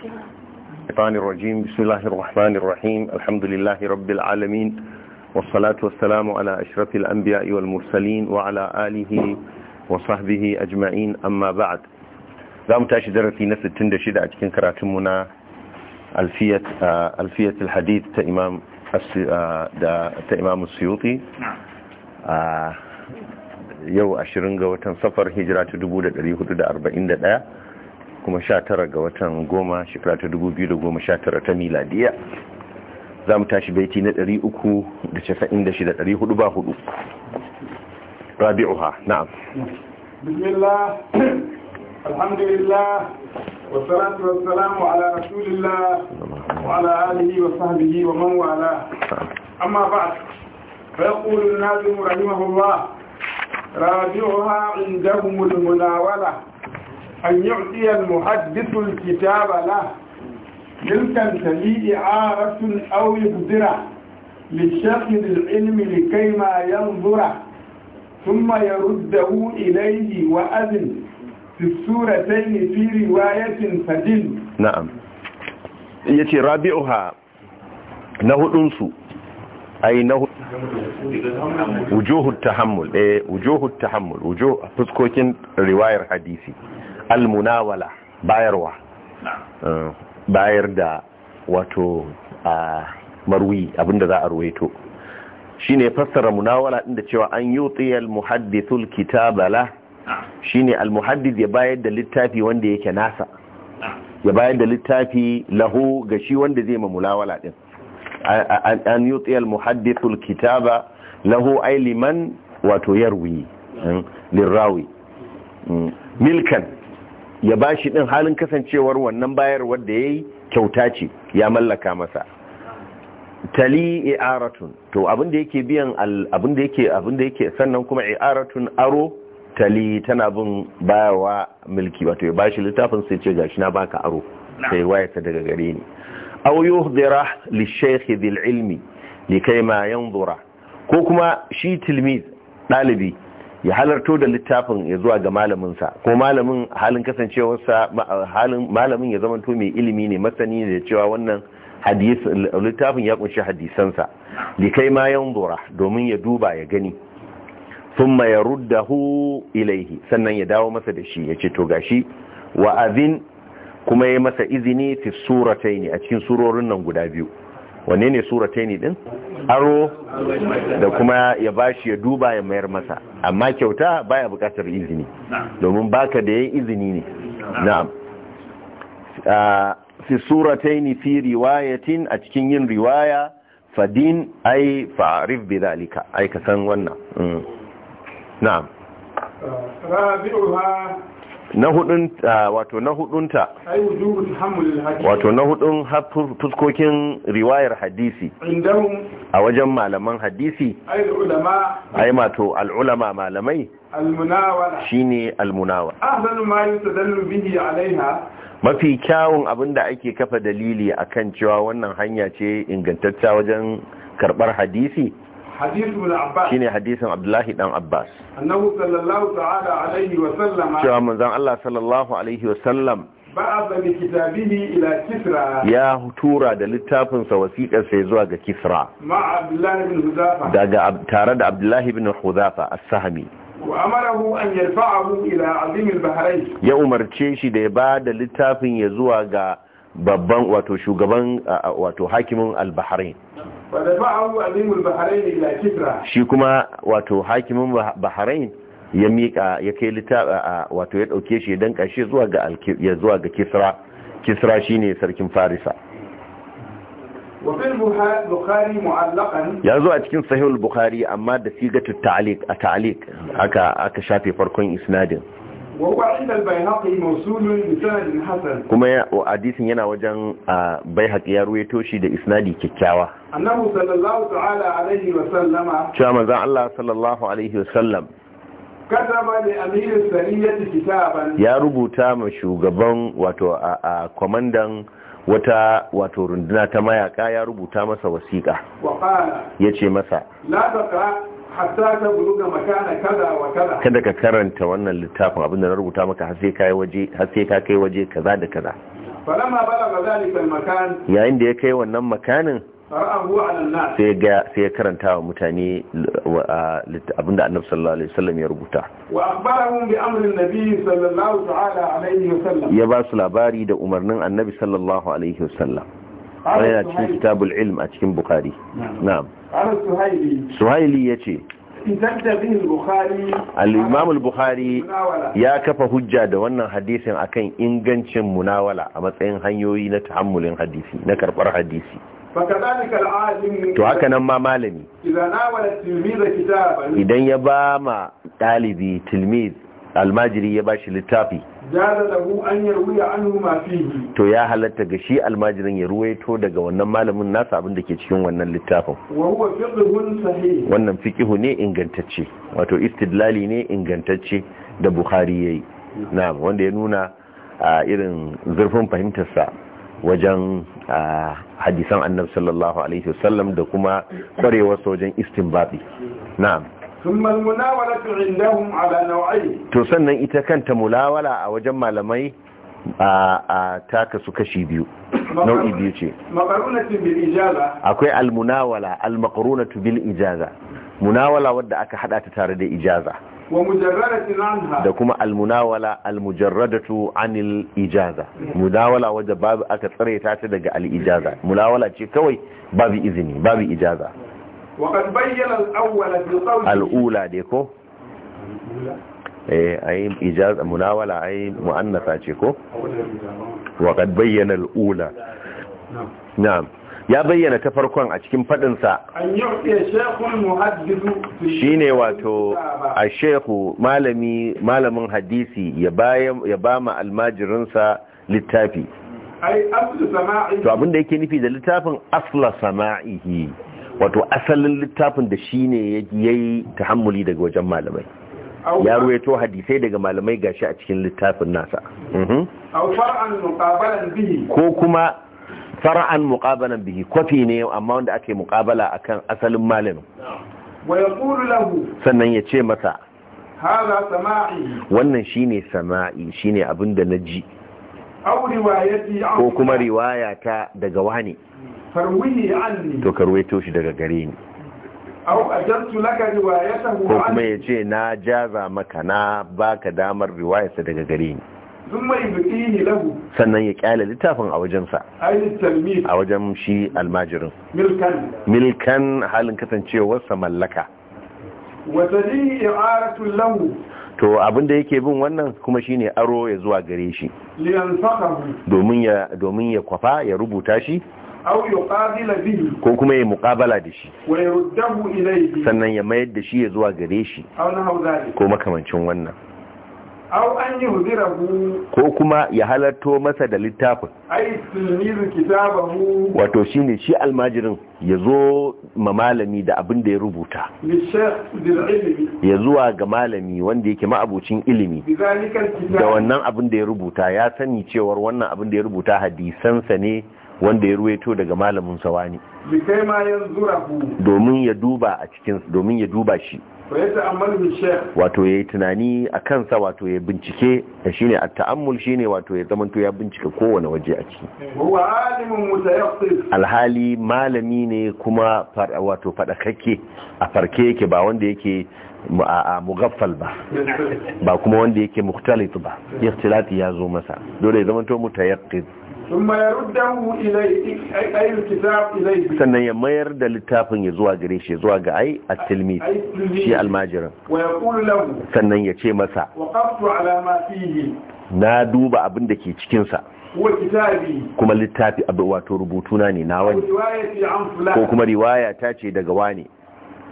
الشيطان الرجيم بسم الله الرحمن الرحيم الحمد لله رب العالمين والصلاة والسلام على أشرف الأنبياء والمرسلين وعلى آله وصحبه أجمعين أما بعد دام تاشي درسي نفس التندشي دعت كن كراتمنا ألفية, ألفية الحديث تإمام تإمام السيوطي يو أشرنغ وتنصفر هجرات دبودة ريهود أربعين دقاء kuma sha tara ga watan goma shekara ta dubu biyu da goma sha tara ta miladiya za mu tashi baiti na ɗari uku da da hudu ba hudu rabi'uha na'am bismillah alhamdulillah wa فيقول الناظم رحمه الله راجعها عندهم المناولة أن يعطي المحدث الكتاب له تلك تلي إعارة أو يبذره للشاهد العلم لكيما ينظره ثم يرده إليه وأذن في السورتين في رواية فدل نعم يتي رابعها الأنسو أي نهو وجوه التحمل إيه، وجوه التحمل وجوه فسكوكين رواية حديثي almunawala bayarwa eh, bayar da wato a marwi abinda za a ruwaito shine fassara munawala ɗin da cewa an yi yuti almuhaddithul kitabala. Shi ne almuhaddith ya bayar da littafi wanda yake nasa ya bayar da littafi lahu ga shi wanda zai ma din an yi yuti almuhaddithul kitaba lahu ailiman liman wato yarwi eh, lirawi mm. milkan ya ba shi ɗin halin kasancewar wannan bayar wadda ya yi kyauta ce ya mallaka masa tali i'aratun to abinda yake biyan abinda yake abinda yake sannan kuma aratun aro tali tana bin bayawa milki wato ya bashi littafin sai ce gashi na baka aro sai wayata daga gare ni aw yuhdira li shaykh dhil ilmi likai ma yanzura ko kuma shi tilmiz ɗalibi. ya halarto da littafin ya zuwa ga malaminsa ko malamin halin kasancewarsa halin malamin ya zamanto mai ilimi ne masani ne da cewa wannan hadis littafin ya kunshi hadisansa likai ma yanzura domin ya duba ya gani ya ruddahu ilaihi sannan ya dawo masa da shi ya ce to gashi wa azin kuma ya masa izini fi ne a cikin surorin nan guda biyu wanne ne surataini din aro da kuma ya bashi ya duba ya mayar masa amma kyauta baya bukatar izini domin baka da yayin izini ne na'am fi surataini fi riwayatin a cikin yin riwaya fadin ai fa'arif bi zalika ai ka san wannan mm. na'am rabi'uha na hudun ah, wato na hudunta wato na hudun fuskokin riwayar hadisi a wajen malaman hadisi ai mato al'ulama malamai shine almunawa mafi kyawun abin da ake kafa dalili akan cewa wannan hanya ce ingantacca wajen karbar hadisi shine hadisin abdullahi dan abbas annahu sallallahu ta'ala alaihi wa sallama cewa manzon Allah sallallahu alaihi wa sallam ba'atha bi kitabihi ila kisra ya tura da littafin sa wasiƙar sai zuwa ga kisra ma abdullahi ibn huzafa daga tare da abdullahi ibn huzafa as-sahmi wa amarahu an yarfa'ahu ila azim al-bahrain ya umarce shi da ya ba da littafin ya zuwa ga babban shugaban wato al-bahrain shi kuma wato hakimin bahrain ya miƙa ya kai wato ya dauke shi dan kashe zuwa ga ya zuwa ga kisra kisra shine sarkin farisa ya zo a cikin sahihul bukhari amma da sigatu ta'liq a ta'liq haka aka shafe farkon isnadin وهو عند البيهقي موصول بسند حسن كما حديث yana wajen Baihaqi ya ruwaito toshi da isnadi kyakkyawa. Annabu sallallahu ta'ala alaihi wa sallama cewa manzon Allah sallallahu alaihi wa sallam kataba li amir sariyati kitaban ya rubuta ma shugaban wato a komandan wata wato runduna ta mayaka ya rubuta masa wasiƙa ya ce masa la hatta ta buluga makana kaza wa kaza kada ka karanta wannan littafin abinda na rubuta maka har sai kai waje har sai ka kai waje kaza da kaza falamma balaga zalika makan yayin da ya kai wannan makanin sai ga sai ya karanta wa mutane abinda annabi sallallahu alaihi wasallam ya rubuta wa akhbarahum bi amri nabi sallallahu ta'ala alaihi wasallam ya ba su labari da umarnin annabi sallallahu alaihi wasallam wani yana cikin kitabul ilm a cikin bukari na'am suhaili ya ce al-imam bukhari ya kafa hujja da wannan hadisin akan ingancin munawala a matsayin hanyoyi na tahammulin hadisi na karbar hadisi to haka nan ma malami idan ya ba ma ɗalibi tilmiz almajiri ya ba shi littafi to ya halatta ga shi almajirin ya ruwaito daga wannan malamin nasa abin da ke cikin wannan littafin wannan fikihu ne ingantacce wato istidlali ne ingantacce da bukhari yayi. yi wanda ya nuna a irin zurfin fahimtarsa wajen hadisan annabi sallallahu alaihi wasallam da kuma kwarewarsa wajen Istimbabi. na'am ثم المناولة عندهم على نوعين to sannan ita kanta mulawala a wajen malamai a ta kasu kashi biyu nau'i biyu ce akwai almunawala almaqrunatu bil ijaza munawala wadda aka hada ta tare da ijaza da kuma almunawala almujarradatu anil ijaza munawala wadda babu aka tsare ta daga al ijaza munawala ce kawai babu izini babu ijaza وقد بين الاول في قوله الاولى ديكو eh ayi ijaz munawala ayi muannatha ce ko wa qad bayyana al ya bayyana ta farkon a cikin faɗinsa. sa shine wato a shehu malami malamin hadisi ya bayan ya almajirinsa almajirin sa littafi ai aslu sama'i to abinda yake nufi da littafin asla sama'ihi wato asalin littafin da shi ne ya yi tahammuli daga wajen malamai ya ruwaito hadisai daga malamai gashi a cikin littafin nasa mhm. ko kuma fara'an muqabalan bihi kwafi ne amma wanda ake muqabala akan asalin malamin sannan ya ce masa wannan shine sama'i shine abinda na ji ko kuma riwaya ta daga wani to ka ruwaito shi daga gare ni ko kuma ya ce na jaza maka na baka damar riwayarsa daga gare ni sannan ya kyale littafin a wajensa a wajen shi almajirin milkan halin kasancewarsa mallaka to abinda yake bin wannan kuma shine aro ya zuwa gare shi domin ya kwafa ya rubuta shi aw yuqabila bihi ko kuma ya muƙabala da shi wa yurdahu ilayhi sannan ya mayar da shi ya zuwa gare shi ko makamancin wannan aw an yi yuhzirahu ko kuma ya halarto masa da littafin ay tilmizu mu. wato ne shi almajirin ya zo ma malami da abin da ya rubuta ya zuwa ga malami wanda yake ma'abucin ilimi da wannan abin da ya rubuta ya sani cewar wannan abin da ya rubuta hadisansa ne wanda ya ruweto daga malamin sawani domin ya duba a cikin domin ya duba shi wato ya yi tunani a kansa wato ya bincike da shine a ta'ammul shine wato ya zamanto ya bincika kowane waje a ciki alhali malami ne kuma wato fadakakke a farke yake ba wanda yake a mugaffal ba ba kuma wanda yake muktalit ba ikhtilati ya zo masa dole ya zamanto mutayaqqiz sannan ya mayar da littafin ya zuwa gare shi zuwa ga ai a tilmi shi almajirin sannan ya ce masa na duba abin da ke cikin sa kuma littafi wato rubutuna ne na wani ko kuma riwaya ta ce daga wani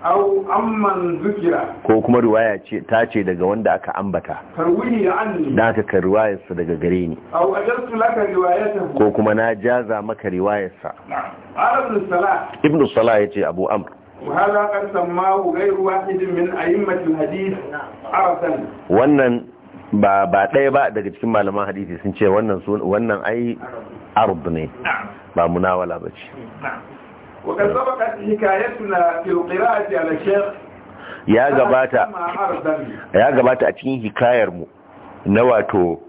au amman zukira ko kuma riwaya ce ta ce daga wanda aka ambata tarwihi anni da aka ka riwayar sa daga gare ni au ajaltu laka riwayatahu ko kuma na jaza maka riwayar sa ibn salah ibn salah yace abu amr وهذا قد سماه غير واحد من أئمة الحديث عرفا wannan ba ba ɗaya ba daga cikin malaman hadisi sun ce wannan wannan ai arb ne ba munawala bace وقد سبقت حكايتنا في القراءة على الشيخ ya gabata يا gabata a cikin مو نواتو na wato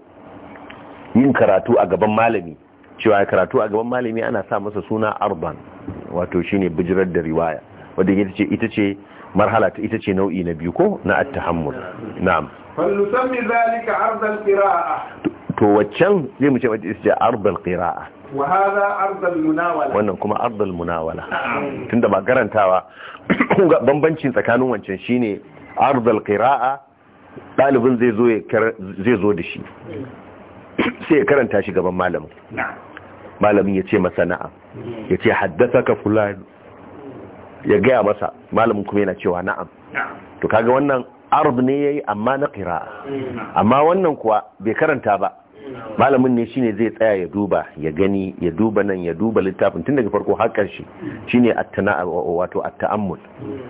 yin karatu a gaban malami cewa karatu a gaban malami ana sa masa suna arban wato shine bijirar da riwaya wanda ita ce ita ce marhala ta ita ce nau'i na biyu ko na at-tahammul na'am fa lusammi zalika ard qiraa to waccan zai mu ce wata isja arbal qira'a wa ardal munawala wannan kuma ardal munawala tunda ba garantawa bambancin tsakanin wancan shine ardal qira'a dalibin zai zo zai zo da shi sai ya karanta shi gaban malamin malamin ya ce masa na'am ya ce ka fula, ya gaya masa malamin kuma yana cewa na'am to kaga wannan ard ne yayi amma na qira'a eh, amma wannan kuwa bai karanta ba malamin ne shine zai tsaya ya duba ya gani ya duba nan ya duba littafin tun daga farko har karshe shine attana wato at-ta'ammul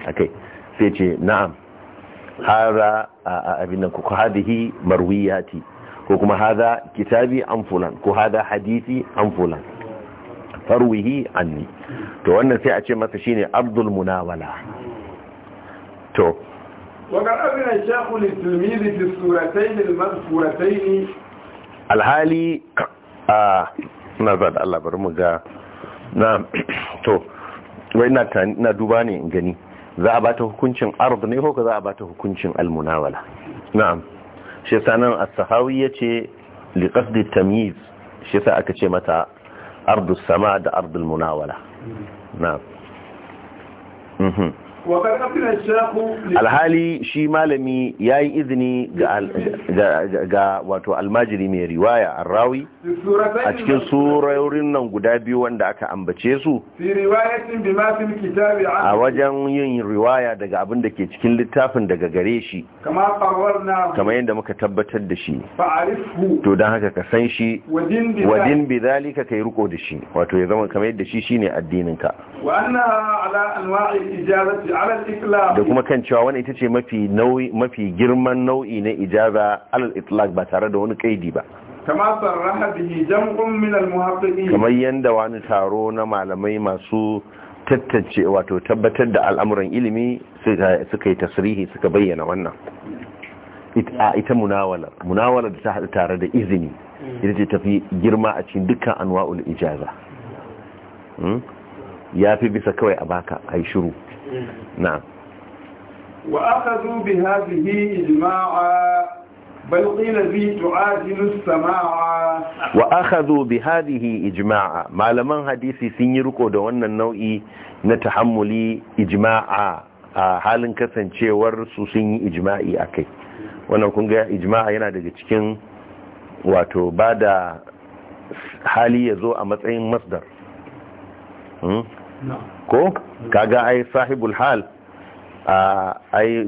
akai sai ce na'am hara abin nan ku hadihi marwiyati ko kuma hada kitabi an fulan ko hada hadisi an fulan farwihi anni to wannan sai a ce masa shine abdul munawala to وقال أذن الشيخ للتلميذ في السورتين المذكورتين alhali a na Allah bari mu ga na to wai ina duba ne in gani za a ba ta hukuncin ard ne ko za a ba ta hukuncin almunawala na'am shi yasa nan as-sahawi yace li qasdi tamyiz shi yasa aka ce mata ardu sama da ardul munawala na'am mhm. alhali shi malami ya yi izini ga wato almajiri mai riwaya a rawi a cikin surorin nan guda biyu wanda aka ambace su a wajen yin riwaya daga abin da ke cikin littafin daga gare shi kama yadda muka tabbatar da shi to don haka ka san shi wadin bi zalika ka yi riko da shi wato ya zama kama yadda shi shine addininka da kuma kan cewa wani ita ce mafi girman nau'i na ijaza alal itlaq ba tare da wani kaidi ba kamar yadda wani taro na malamai masu tattace wato tabbatar da al'amuran ilimi suka yi tasirihi suka bayyana wannan ita munawalar munawalar da ta haɗu tare da izini mm. ita ce tafi girma a cikin dukkan anwa'ul ijaza hmm? ya fi bisa kawai a baka a yi shiru na wa aka zo bi hafihi ijma'a بل قيل به تعادل السماع malaman hadisi sun yi riko da wannan nau'i na tahammuli ijma'a a halin kasancewar su sun yi ijma'i akai wannan kun ga ijma'a yana daga cikin wato bada hali ya zo a matsayin masdar hmm? ko kaga ai sahibul hal ai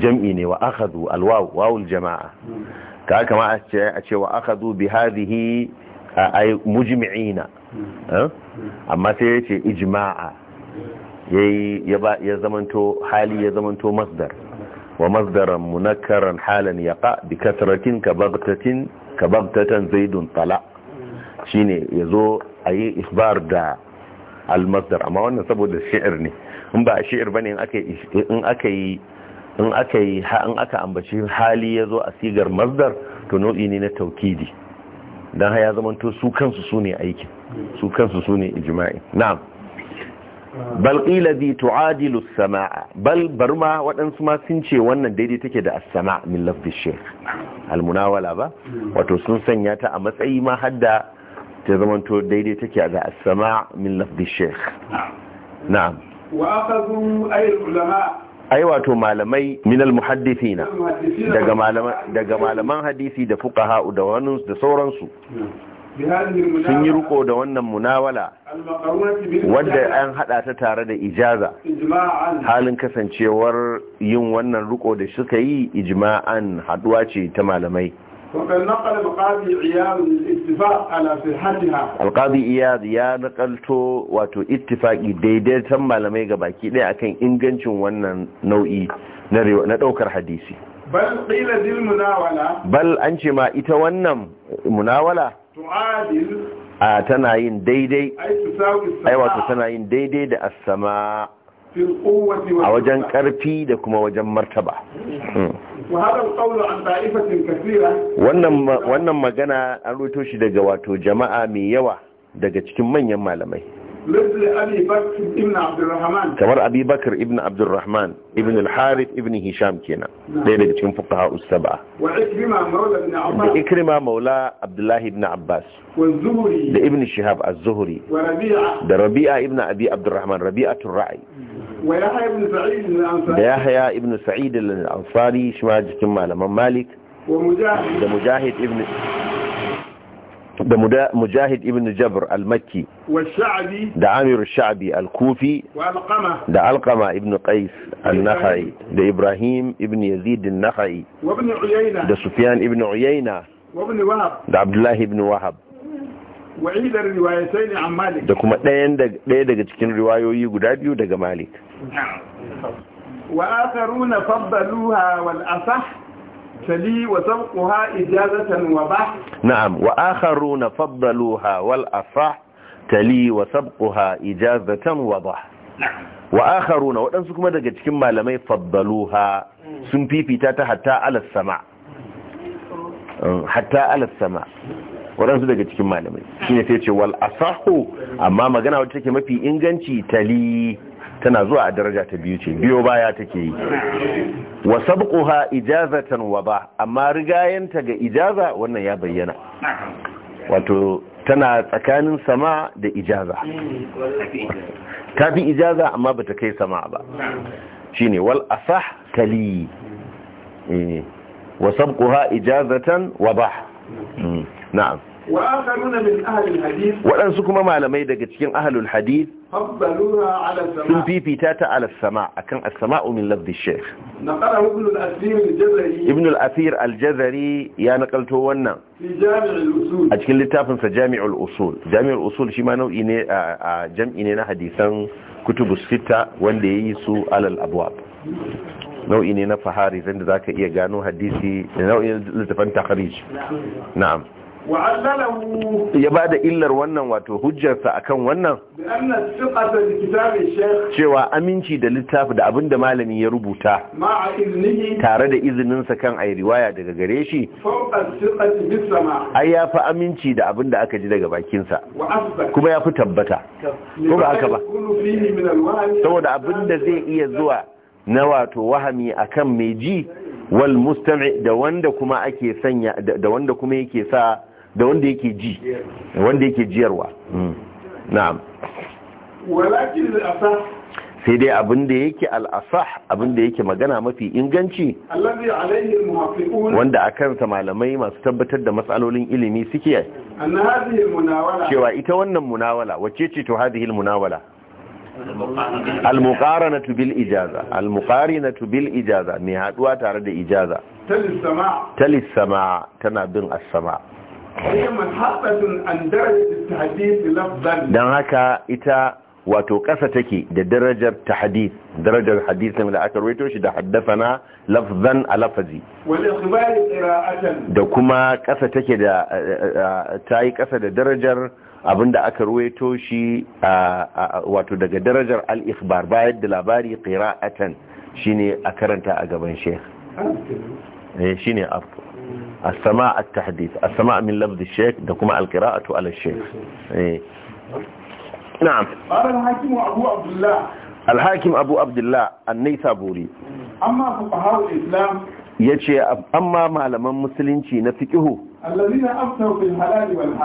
jam'i ne wa akhadhu alwaw wawul jama'a ka kama a ce a ce wa akhadhu bi hadhihi ai mujmi'ina eh? amma sai ya ce ijma'a ya zamanto hali ya zamanto masdar wa masdaran munakkaran halan yaqa bi kasratin ka bagtatin ka bagtatan zaidun tala shine yazo ayi isbar da almasdar amma wannan saboda shi'ir ne in ba shi'ir bane in aka in aka yi in aka yi in aka ambaci hali yazo a sigar masdar to nau'i ne na taukidi dan haya zamanto su kansu sune aikin su kansu sune ijma'i na'am bal qila bi tu'adilu samaa bal barma waɗansu ma sun ce wannan daidai take da as-sama' min lafzi shaykh al ba wato sun sanya ta a matsayi ma hadda ta zamanto daidai take ga asama min lafdi sheikh na'am wa ay ulama ai wato malamai minal muhaddithina daga malaman daga malaman hadisi da fuqaha da wani da sauransu sun yi ruko da wannan munawala wadda an hada ta tare da ijaza halin kasancewar yin wannan ruko da suka yi ijma'an haduwa ce ta malamai وقد نقل القاضي عياض الاتفاق على صحتها القاضي عياض يا نقلتو واتو اتفاقي malamai gabaki daya akan ingancin wannan nau'i na na daukar hadisi bal qila dil munawala bal an ce ma ita wannan munawala tuadil a tana yin daidai ai wato tana yin daidai da as-sama a wajen karfi da kuma wajen martaba wannan magana an ruto shi daga wato jama'a mai yawa daga cikin manyan malamai kamar abubakar ibn abdurrahman ibn al-harith ibn hisham kenan ɗaya daga cikin fuqaha usaba'a da ikrima maula abdullahi ibn abbas da ibn shihab az-zuhri da rabi'a ibn abi abdurrahman rabi'atul ra'i ويحيى بن سعيد الأنصاري يحيى بن سعيد الأنصاري شما جتم مالك ومجاهد مجاهد ابن مجاهد ابن جبر المكي والشعبي ده عامر الشعبي الكوفي والقمة ده ابن قيس النخعي ده إبراهيم ابن يزيد النخعي وابن عيينة ده سفيان ابن عيينة وابن وهب ده عبد الله ابن وهب da kuma ɗaya daga cikin riwayoyi guda biyu daga malik wa na runa fabbaluha wal asa tali wa sabkuha ijazatan wa ba na'am wa na runa fabbaluha wal asa tali wa sabkuha ijazatan wa ba wa aka na waɗansu kuma daga cikin malamai fabbaluha sun fifita ta hatta alas sama mm. waɗansu daga cikin malamai shine sai ce wal asahu amma magana wacce take mafi inganci tali tana zuwa a daraja ta biyu ce biyo baya take yi wa sabquha ijazatan wa ba amma rigayanta ga ijaza wannan ya bayyana wato tana tsakanin sama da ijaza ta fi ijaza amma bata kai sama ba shine wal asah tali eh, wa sabquha ijazatan wa ba Hmm. na'am waɗansu kuma malamai daga cikin ahlul hadith sun fifita ta alasama akan kan asama'u min lafzi sheikh ibn al-asir al-jazari ya nakalto wannan a cikin littafinsa jami'ul usul jami'ul usul shi ma nau'i ne a jam'i ne na hadisan kutubus sita wanda ya yi su alal abwab nau'i ne na fahari zan za ka iya gano hadisi da nau'in littafin takarici na'am ya ba da illar wannan wato hujjarsa akan wannan cewa aminci da littafi da abin da malami ya rubuta tare da izininsa kan a riwaya daga gare shi ai ya fi aminci da abin da aka ji daga bakinsa kuma ya fi tabbata ko ba haka ba saboda abin da zai iya zuwa na wato wahami akan mai ji wal mustami da wanda kuma ake sanya da wanda kuma yake sa da wanda yake ji wanda yake jiyarwa hmm. na'am walakin al-asah sai dai abin da yake al-asah abin da yake magana mafi inganci allazi alaihi al-muhaqqiqun wanda akan sa malamai masu tabbatar da matsalolin ilimi suke an hadhihi al-munawala cewa ita wannan munawala wacce ce to hadhihi al-munawala al-muqaranatu bil ijaza al-muqarinatu bil ijaza mai haduwa tare da ijaza talis sama talis tana bin as-sama dan haka ita wato ƙasa take da darajar tahdith darajar hadithin da aka rawaito shi da haddathana lafzan a lafazi da kuma ƙasa take da eh, eh, eh, tayi ƙasa da darajar abinda aka ruwaito shi wato daga darajar al-ikhbar bayar da labari qira'atan shine a karanta a gaban sheikh eh shine afu as-sama' at-tahdith as-sama' min lafz al-sheikh da kuma al-qira'atu ala al-sheikh eh na'am qala al-hakim abu abdullah al-hakim abu abdullah an-naysaburi amma fuqaha al-islam yace amma malaman musulunci na fiqihu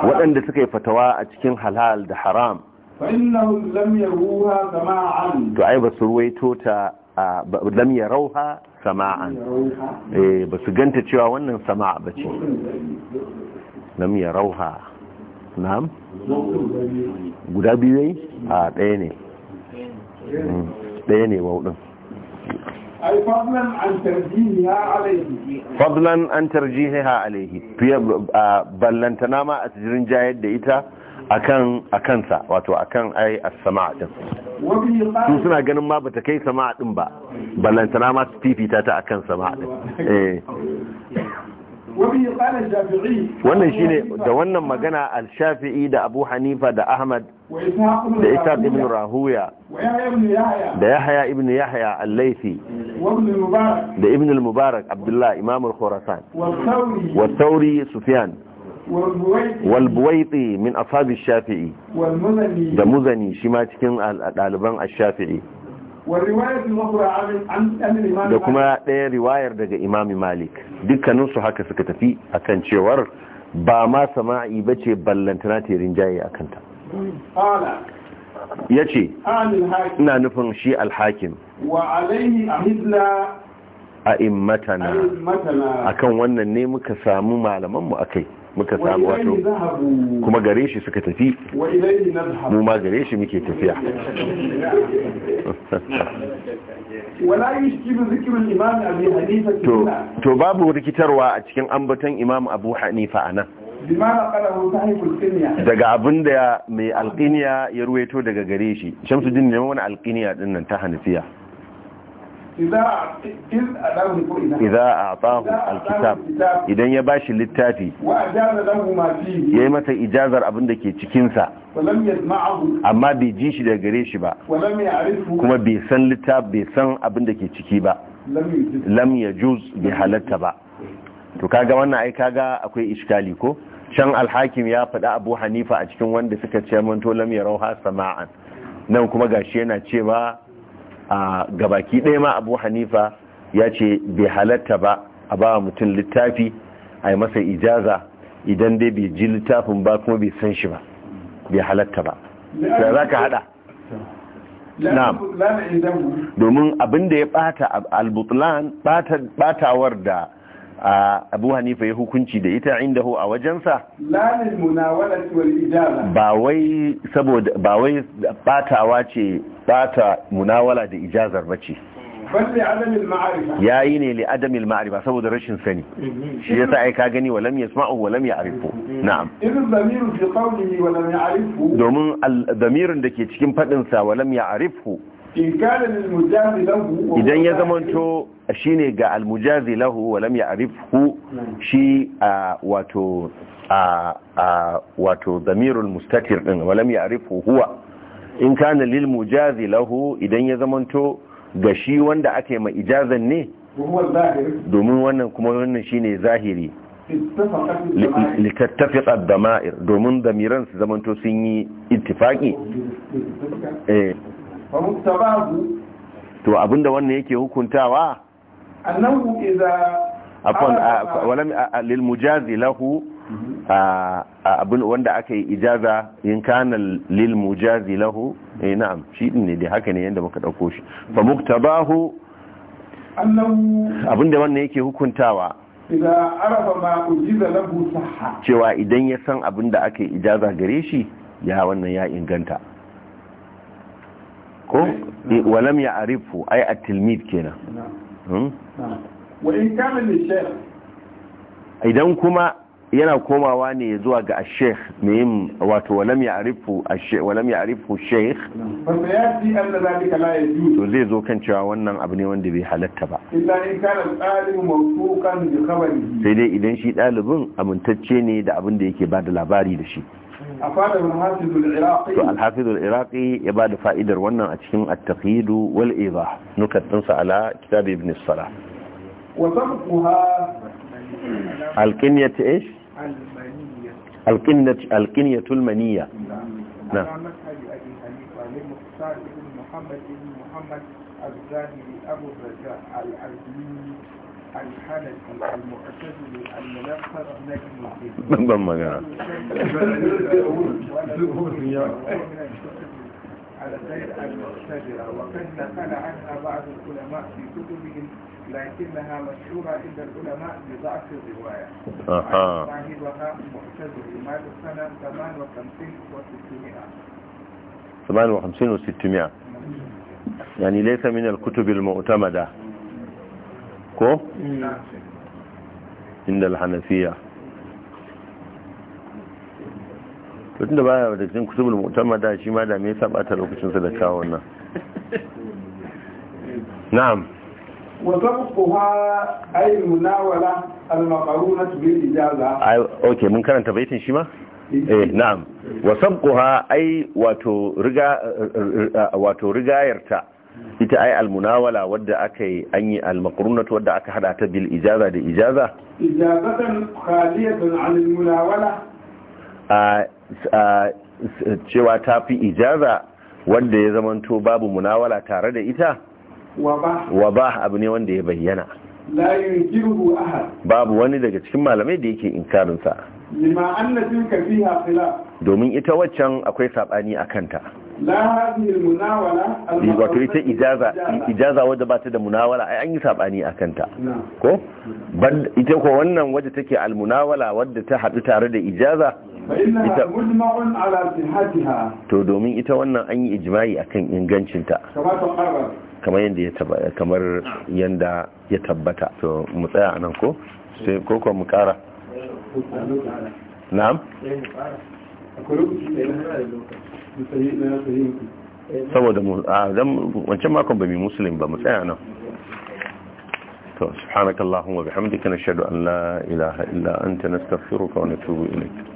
waɗanda suka yi fatawa a cikin halal da haram to ai ba su ruwaito ta lam ya rauha sama'an ba su ganta cewa wannan sama'a ba ce lam ya rauha na'am guda biyu a ɗaya ne ɗaya ne wauɗin أي فضلا عن ترجيحها عليه فضلا عن ترجيحها عليه بل لن تنام أتجرين جاهد دئتا akan akansa wato kan ai a sama su suna ganin ma bata kai sama' din ba ballantana ma su fifita ta a sama' din eh wannan shine da wannan magana al-shafi'i da Abu Hanifa da Ahmad da ita ibn rahuya da yahya ibn Yahaya al Allaifi. da ibn al-mubarak abdullah imam al-khurasan wa sauri sufyan والبويطي من أصحاب الشافعي ده مزني a ɗaliban a shafi'i. da kuma ɗaya riwayar daga imami malik dukkaninsu haka suka tafi akan cewar ba ma sama'i bace ballantana terin jaye a kanta ya ce ina nufin shi alhakim a immatana a kan wannan ne muka samu malamanmu a kai muka samu wato kuma gare shi suka tafi mu ma gare shi muke tafiya to babu rikitarwa a cikin ambaton imam abu hanifa a nan daga abin da mai alkiniya ya ruweto daga gare shi Shamsu jin ne wani alkiniya din nan ta idan a tsahu alkitab idan ya ba shi littafi ya yi mata ijazar abin da ke cikinsa. amma bai ji shi daga gare shi ba kuma bai san littaf bai san abin da ke ciki ba lam juz bi halatta ba to kaga wannan ai kaga akwai iskali ko can alhakim ya faɗa abu hanifa a cikin wanda suka ce manto lam ya rauha sama'an nan kuma gashi yana cewa a gabaki ɗaya ma abu hanifa ya ce bai halatta ba a ba mutum littafi a yi masa ijaza idan dai bai ji littafin ba kuma bai san shi ba bai halatta ba da za ka hada na'am domin abin da ya bata al-butlan batawar da abu hanifa ya hukunci da ita inda a wajensa ba wai batawa ce bata munawala da ijazar bace ya yi ne li adamil ma'arifa saboda rashin sani mhm. shi yasa ai ka gani walam yasma'u walam ya'rifu mhm. na'am domin damirin da ke cikin fadinsa sa ya idan ya zamanto shine ga almujazi lahu wa lam hu hmm. shi a wato a wato zamirul mustatir din wa lam ya'rifhu huwa in kana lil mujazi lahu idan ya zamanto ga shi wanda ake ma ijazan ne domin wannan kuma wannan shine zahiri littattafiƙa dama'ir domin zamiran su zamanto sun yi ittifaki fa muktabahu to abinda wannan yake hukuntawa annahu iza afwan walam lil mujazi lahu abin wanda aka yi ijaza in kana lil mujazi lahu eh na'am shi din ne dai haka ne yanda muka dauko shi fa muktabahu annahu abinda wannan yake hukuntawa idan arafa ma ujiza lahu sahha cewa idan ya san abinda aka yi ijaza gare shi ya wannan ya inganta ko eh, walam ya arifu ai a tilmid kenan hmm? idan kuma yana komawa ne zuwa ga sheikh mai yin wato walam ya arifu walam ya arifu ju to zai zo kan cewa wannan abu ne wanda bai halatta ba sai dai idan shi ɗalibin amintacce ne da abin da yake ba da labari da shi أفاده الحافظ العراقي الحافظ العراقي يبعد فائدة وانا أتشم التقييد والإيضاح نكت تنسى على كتاب ابن الصلاة وطبقها الكنية إيش المنية الكنية المنية نعم محمد نعم. بن محمد الزاني أبو الرجاء الحدث المعتزل أن على غير المعتزلة وقد نقل عنها بعض العلماء في كتبهم لكنها مشهورة عند العلماء بضعف الرواية أها صاحبها معتزل مات سنة 58 و 600 58 و 600 يعني ليس من الكتب المعتمدة ko inda alhanafiya tutun da baya da cikin kutubul mu'tamada shi ma da mai yasa bata lokacin su da kawon nan na'am wa zabquha ay munawala al-maqrunat bil ijaza ai okay mun karanta baitin shi ma eh na'am wa sabquha ay wato riga eh, eh, eh, wato rigayarta ita ai almunawala wadda aka yi an yi wadda aka hada ta bil ijaza da ijaza ijazatan cewa ta fi ijaza wanda ya zamanto babu munawala tare da ita wa ba abu ne wanda ya bayyana la yunkiruhu ahad babu wani daga cikin malamai da yake inkarin sa lima anna tilka fiha khilaf domin ita waccan akwai sabani akan ta la hadhihi almunawala wato ita ijaza ijaza wadda ba ta da munawala ai an yi sabani akan ta ko ita ko wannan wadda take almunawala wadda ta hadu tare da ijaza ita mujma'un ala sihhatiha to domin ita wannan an yi ijma'i akan ingancinta kamar yadda ya tabbata kamar yadda ya tabbata to mu tsaya nan ko sai ko mu kara na'am saboda mu a zan wancan makon ba mai musulun ba mu tsaya nan to subhanakallahumma bihamdika nashhadu an la ilaha illa anta nastaghfiruka wa natubu ilayk